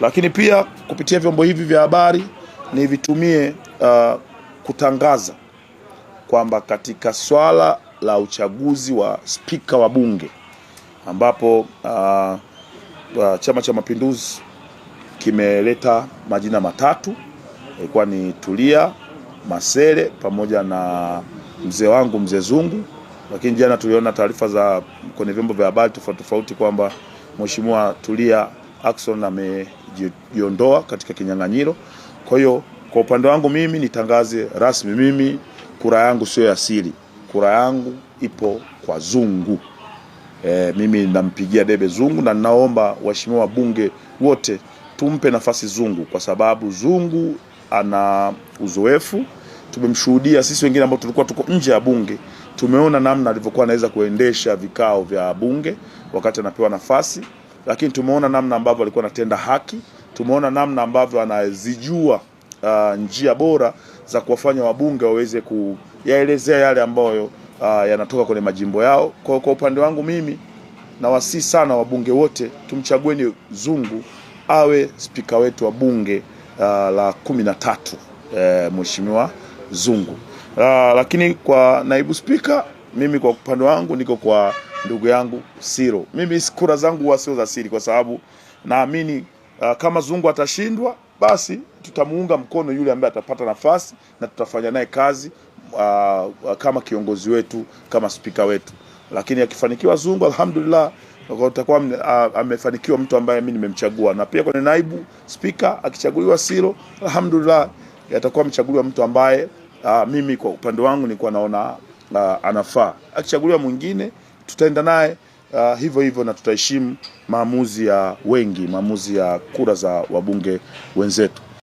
lakini pia kupitia vyombo hivi vya habari nivitumie uh, kutangaza kwamba katika swala la uchaguzi wa spika wa bunge ambapo uh, uh, Chama cha Mapinduzi kimeleta majina matatu, ilikuwa ni Tulia Masere pamoja na mzee wangu mzee Zungu, lakini jana tuliona taarifa za kwenye vyombo vya habari tofauti tofauti kwamba Mheshimiwa Tulia Axon amejiondoa katika kinyang'anyiro. Kwa hiyo kwa upande wangu mimi nitangaze rasmi, mimi kura yangu sio ya siri, kura yangu ipo kwa Zungu. E, mimi nampigia debe Zungu na ninaomba waheshimiwa wabunge wote tumpe nafasi Zungu kwa sababu Zungu ana uzoefu. Tumemshuhudia sisi wengine ambao tulikuwa tuko nje ya bunge, tumeona namna alivyokuwa anaweza kuendesha vikao vya bunge wakati anapewa nafasi lakini tumeona namna ambavyo alikuwa anatenda haki, tumeona namna ambavyo anazijua uh, njia bora za kuwafanya wabunge waweze kuyaelezea yale ambayo uh, yanatoka kwenye majimbo yao. Kwa, kwa upande wangu mimi nawasihi sana wabunge wote tumchagueni Zungu awe spika wetu wa bunge uh, la kumi na tatu eh, mheshimiwa Zungu. Uh, lakini kwa naibu spika mimi kwa upande wangu niko kwa ndugu yangu Siro. Mimi kura zangu huwa sio za siri, kwa sababu naamini uh, kama Zungu atashindwa basi tutamuunga mkono yule ambaye atapata nafasi na tutafanya naye kazi uh, uh kama kiongozi wetu kama spika wetu. Lakini akifanikiwa Zungu, alhamdulillah utakuwa uh, amefanikiwa mtu ambaye mimi nimemchagua, na pia kwenye naibu spika akichaguliwa Siro, alhamdulillah atakuwa amechaguliwa mtu ambaye uh, mimi kwa upande wangu nilikuwa naona uh, anafaa. Akichaguliwa mwingine tutaenda naye uh, hivyo hivyo na tutaheshimu maamuzi ya wengi, maamuzi ya kura za wabunge wenzetu.